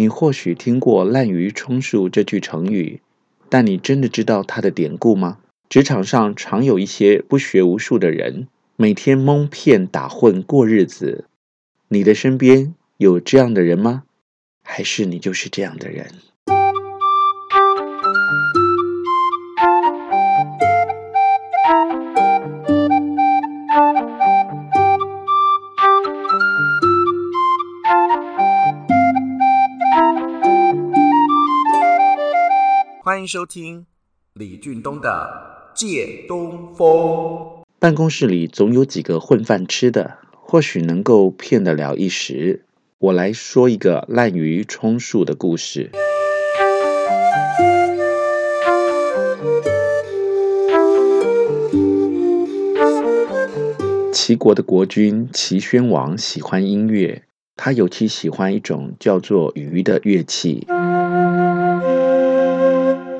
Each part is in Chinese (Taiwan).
你或許聽過“濫竽充數”這句成語，但你真的知道它的典故嗎？職場上常有一些不學無術的人，每天蒙騙打混過日子。你的身邊有這樣的人嗎？還是你就是這樣的人？歡迎收聽李俊東的《借東風》。辦公室裡總有幾個混飯吃的，或許能夠騙得了一時。我來說一個濫竽充數的故事。齊國的國君齊宣王喜歡音樂，他尤其喜歡一種叫做“竽”的樂器。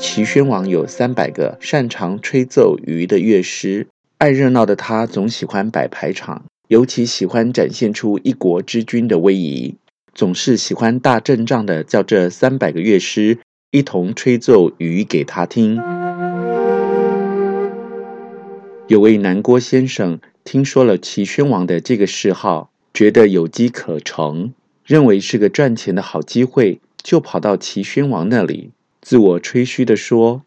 齊宣王有三百個擅長吹奏竽的樂師，愛熱鬧的他總喜歡擺排場，尤其喜歡展現出一國之君的威儀，總是喜歡大陣仗的叫這三百個樂師一同吹奏竽給他聽。有位南郭先生聽說了齊宣王的這個嗜好，覺得有機可乘，認為是個賺錢的好機會，就跑到齊宣王那裡。自我吹噓地說：“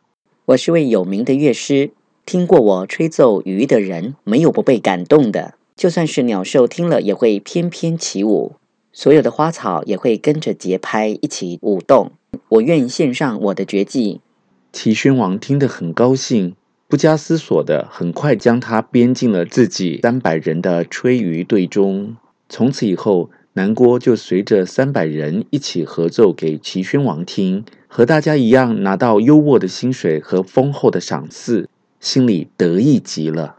我是位有名的樂師，聽過我吹奏竽的人，沒有不被感動的。就算是鳥獸聽了，也會翩翩起舞；所有的花草也會跟着節拍一起舞動。我願意獻上我的絕技。”齊宣王聽得很高興，不加思索地，很快將他編進了自己三百人的吹竽隊中。從此以後，南郭就隨着三百人一起合奏給齊宣王聽。和大家一樣，拿到優渥的薪水和豐厚的賞賜，心裡得意極了。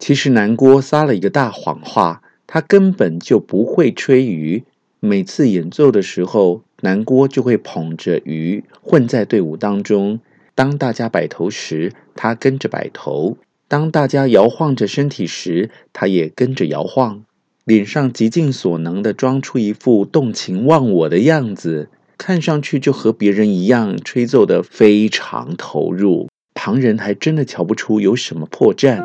其實南郭撒了一個大謊話，他根本就不會吹竽。每次演奏的時候，南郭就會捧着竽混在隊伍當中。當大家擺頭時，他跟着擺頭；當大家搖晃着身體時，他也跟着搖晃。臉上極盡所能地裝出一副動情忘我的樣子。看上去就和別人一樣，吹奏得非常投入，旁人還真的瞧不出有什麼破綻。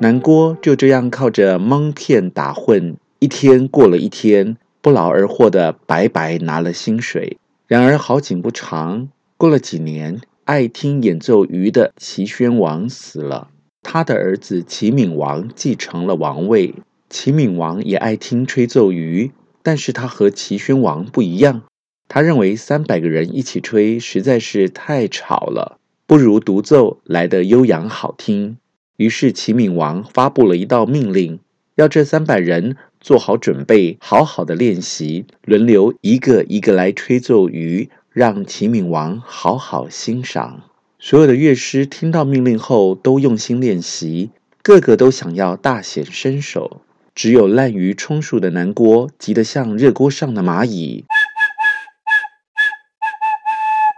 南郭就這樣靠着蒙騙打混，一天過了一天，不勞而獲的白白拿了薪水。然而好景不長，過了幾年，愛聽演奏竽的齊宣王死了，他的兒子齊閔王繼承了王位。齊閔王也愛聽吹奏竽。但是他和齊宣王不一樣，他認為三百個人一起吹實在是太吵了，不如獨奏來得悠揚好聽。於是齊閔王發佈了一道命令，要這三百人做好準備，好好的練習，輪流一個一個來吹奏竽，讓齊閔王好好欣賞。所有的樂師聽到命令後，都用心練習，個個都想要大顯身手。只有濫竽充數的南郭急得像熱鍋上的螞蟻，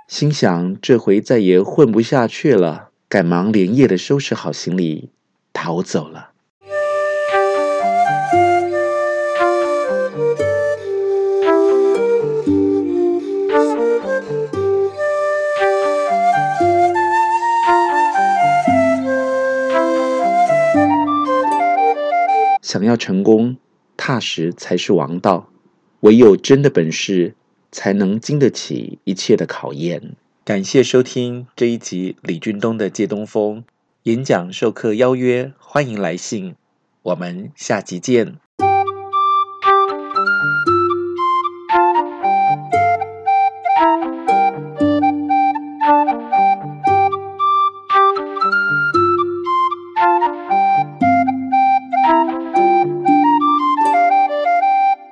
心想這回再也混不下去了，趕忙連夜的收拾好行李逃走了。想要成功，踏實才是王道。唯有真的本事，才能經得起一切的考驗。感謝收聽這一集李俊東的借東風，演講授課邀約，歡迎來信。我們下集見。